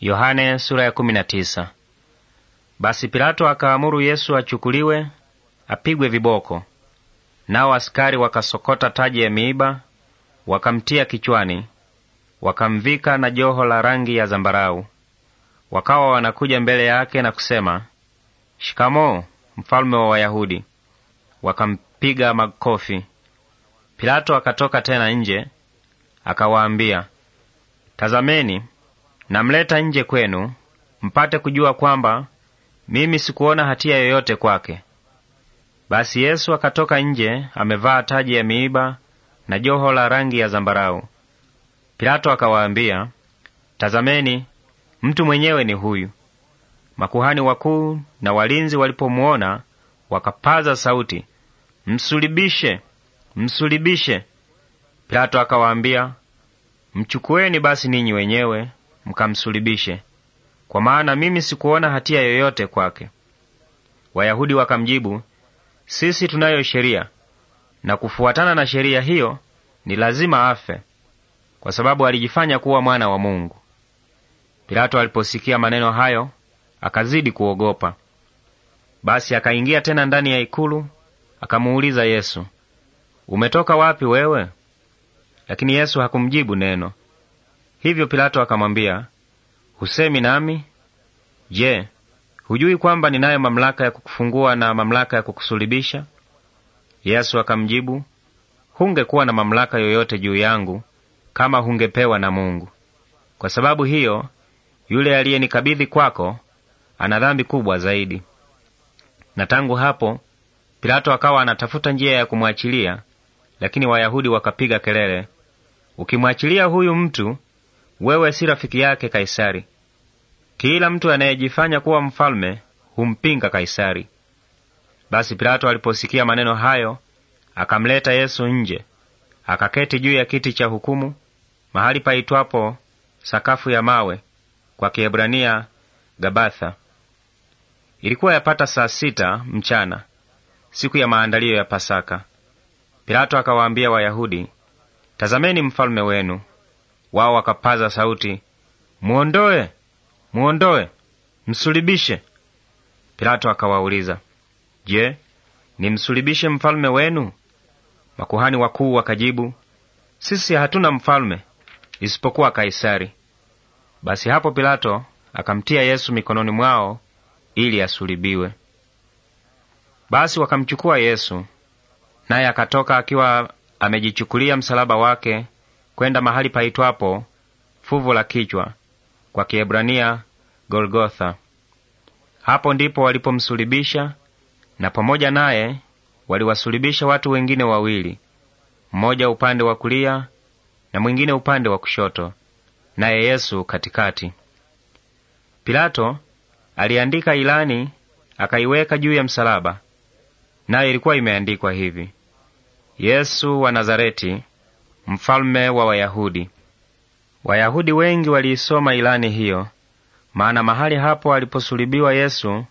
Yohane sura ya kumi na tisa. Basi Pilato akaamuru Yesu achukuliwe apigwe viboko. Nao askari wakasokota taji ya miiba wakamtia kichwani, wakamvika na joho la rangi ya zambarau. Wakawa wanakuja mbele yake na kusema, Shikamoo, mfalme wa Wayahudi. Wakampiga makofi. Pilato akatoka tena nje akawaambia, Tazameni, Namleta nje kwenu mpate kujua kwamba mimi sikuona hatia yoyote kwake. Basi Yesu akatoka nje amevaa taji ya miiba na joho la rangi ya zambarau. Pilato akawaambia, tazameni, mtu mwenyewe ni huyu. Makuhani wakuu na walinzi walipomuona wakapaza sauti, msulibishe, msulibishe! Pilato akawaambia, mchukueni basi ninyi wenyewe mkamsulibishe, kwa maana mimi sikuona hatia yoyote kwake. Wayahudi wakamjibu, sisi tunayo sheria, na kufuatana na sheria hiyo ni lazima afe, kwa sababu alijifanya kuwa mwana wa Mungu. Pilato aliposikia maneno hayo akazidi kuogopa. Basi akaingia tena ndani ya ikulu, akamuuliza Yesu, umetoka wapi wewe? Lakini Yesu hakumjibu neno. Hivyo Pilato akamwambia, husemi nami? Je, hujui kwamba ninayo mamlaka ya kukufungua na mamlaka ya kukusulubisha? Yesu akamjibu, hungekuwa na mamlaka yoyote juu yangu kama hungepewa na Mungu. Kwa sababu hiyo, yule aliyenikabidhi kwako ana dhambi kubwa zaidi. Na tangu hapo Pilato akawa anatafuta njia ya kumwachilia, lakini Wayahudi wakapiga kelele, ukimwachilia huyu mtu wewe si rafiki yake Kaisari. Kila mtu anayejifanya kuwa mfalme humpinga Kaisari. Basi Pilato aliposikia maneno hayo, akamleta Yesu nje, akaketi juu ya kiti cha hukumu, mahali paitwapo sakafu ya mawe, kwa Kiebrania Gabatha. Ilikuwa yapata saa sita mchana, siku ya maandalio ya Pasaka. Pilato akawaambia Wayahudi, tazameni mfalme wenu wao wakapaza sauti, muondoe, muondoe, msulibishe. Pilato akawauliza, je, nimsulibishe mfalme wenu? Makuhani wakuu wakajibu, sisi hatuna mfalme isipokuwa Kaisari. Basi hapo Pilato akamtia Yesu mikononi mwao ili asulibiwe. Basi wakamchukua Yesu, naye akatoka akiwa amejichukulia msalaba wake kwenda mahali paitwapo fuvu la kichwa, kwa Kiebrania Golgotha. Hapo ndipo walipomsulubisha, na pamoja naye waliwasulibisha watu wengine wawili, mmoja upande wa kulia na mwingine upande wa kushoto, naye Yesu katikati. Pilato aliandika ilani akaiweka juu ya msalaba, nayo ilikuwa imeandikwa hivi: Yesu wa Nazareti, mfalme wa Wayahudi. Wayahudi wengi waliisoma ilani hiyo, maana mahali hapo aliposulubiwa Yesu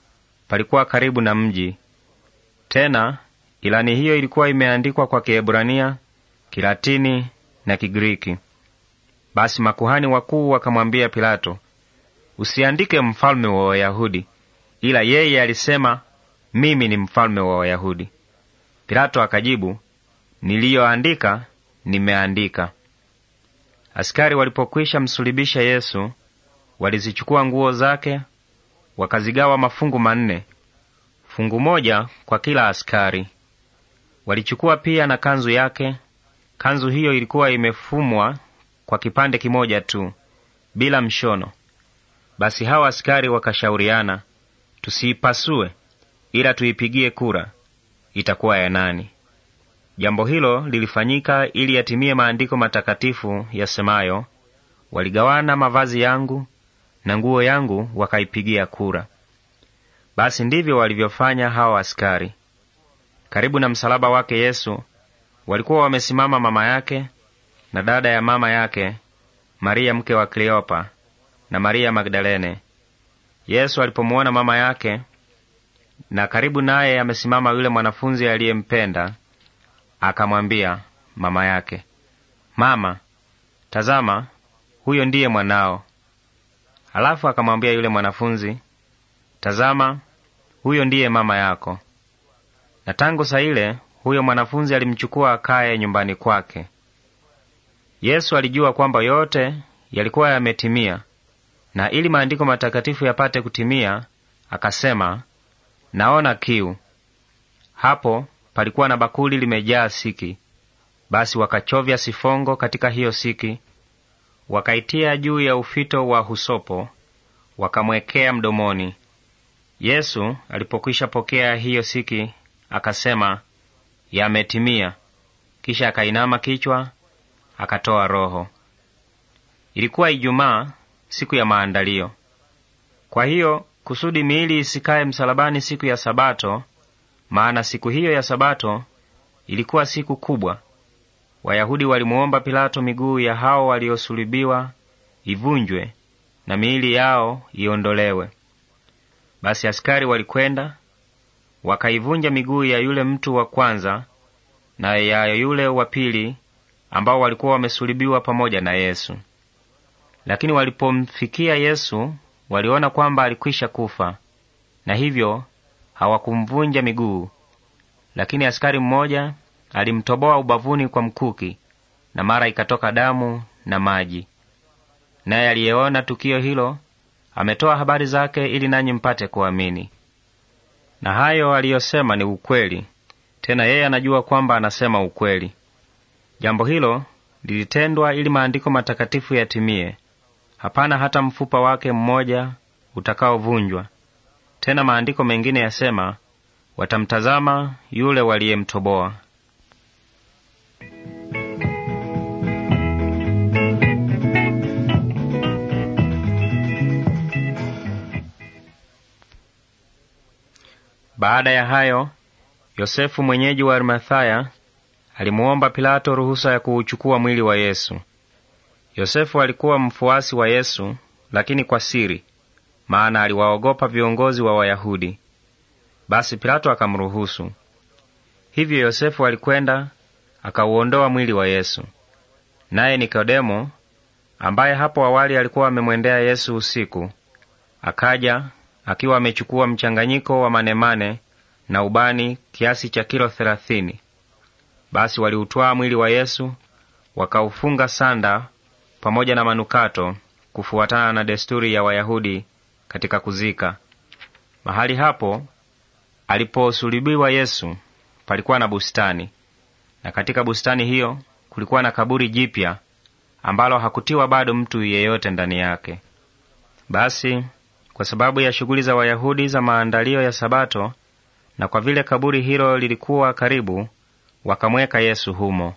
palikuwa karibu na mji. Tena ilani hiyo ilikuwa imeandikwa kwa Kiebrania, Kilatini na Kigiriki. Basi makuhani wakuu wakamwambia Pilato, usiandike mfalme wa Wayahudi, ila yeye alisema mimi ni mfalme wa Wayahudi. Pilato akajibu, niliyoandika nimeandika. Askari walipokwisha msulibisha Yesu, walizichukua nguo zake, wakazigawa mafungu manne, fungu moja kwa kila askari. Walichukua pia na kanzu yake. Kanzu hiyo ilikuwa imefumwa kwa kipande kimoja tu bila mshono. Basi hawa askari wakashauriana, tusiipasue, ila tuipigie kura, itakuwa ya nani? Jambo hilo lilifanyika ili yatimie maandiko matakatifu yasemayo, waligawana mavazi yangu na nguo yangu wakaipigia kura. Basi ndivyo walivyofanya hawa askari. Karibu na msalaba wake Yesu walikuwa wamesimama mama yake na dada ya mama yake, Maria mke wa Kleopa na Maria Magdalene. Yesu alipomuona mama yake na karibu naye amesimama yule mwanafunzi aliyempenda, akamwambia mama yake, Mama, tazama, huyo ndiye mwanao. Alafu akamwambia yule mwanafunzi, tazama, huyo ndiye mama yako. Na tangu saa ile huyo mwanafunzi alimchukua akaye nyumbani kwake. Yesu alijua kwamba yote yalikuwa yametimia, na ili maandiko matakatifu yapate kutimia, akasema, naona kiu. Hapo palikuwa na bakuli limejaa siki. Basi wakachovya sifongo katika hiyo siki, wakaitia juu ya ufito wa husopo, wakamwekea mdomoni. Yesu alipokwisha pokea hiyo siki, akasema, yametimia. Kisha akainama kichwa, akatoa roho. Ilikuwa Ijumaa, siku ya maandalio. Kwa hiyo kusudi miili isikaye msalabani siku ya Sabato, maana siku hiyo ya Sabato ilikuwa siku kubwa. Wayahudi walimuomba Pilato miguu ya hao waliosulubiwa ivunjwe na miili yao iondolewe. Basi askari walikwenda wakaivunja miguu ya yule mtu wa kwanza na ya yule wa pili ambao walikuwa wamesulubiwa pamoja na Yesu. Lakini walipomfikia Yesu, waliona kwamba alikwisha kufa, na hivyo hawakumvunja miguu, lakini askari mmoja alimtoboa ubavuni kwa mkuki, na mara ikatoka damu na maji. Naye aliyeona tukio hilo ametoa habari zake ili nanyi mpate kuamini. Na hayo aliyosema ni ukweli, tena yeye anajua kwamba anasema ukweli. Jambo hilo lilitendwa ili maandiko matakatifu yatimie, hapana hata mfupa wake mmoja utakaovunjwa. Tena maandiko mengine yasema, watamtazama yule waliyemtoboa. Baada ya hayo, Yosefu mwenyeji wa Arimathaya alimuomba Pilato ruhusa ya kuuchukua mwili wa Yesu. Yosefu alikuwa mfuasi wa Yesu, lakini kwa siri maana aliwaogopa viongozi wa Wayahudi. Basi Pilato akamruhusu. Hivyo Yosefu alikwenda akauondoa mwili wa Yesu. Naye Nikodemo, ambaye hapo awali alikuwa amemwendea Yesu usiku, akaja akiwa amechukua mchanganyiko wa manemane na ubani kiasi cha kilo thelathini. Basi waliutwaa mwili wa Yesu wakaufunga sanda pamoja na manukato, kufuatana na desturi ya Wayahudi katika kuzika. Mahali hapo aliposulubiwa Yesu palikuwa na bustani, na katika bustani hiyo kulikuwa na kaburi jipya ambalo hakutiwa bado mtu yeyote ndani yake. Basi kwa sababu ya shughuli za Wayahudi za maandalio ya Sabato, na kwa vile kaburi hilo lilikuwa karibu, wakamweka Yesu humo.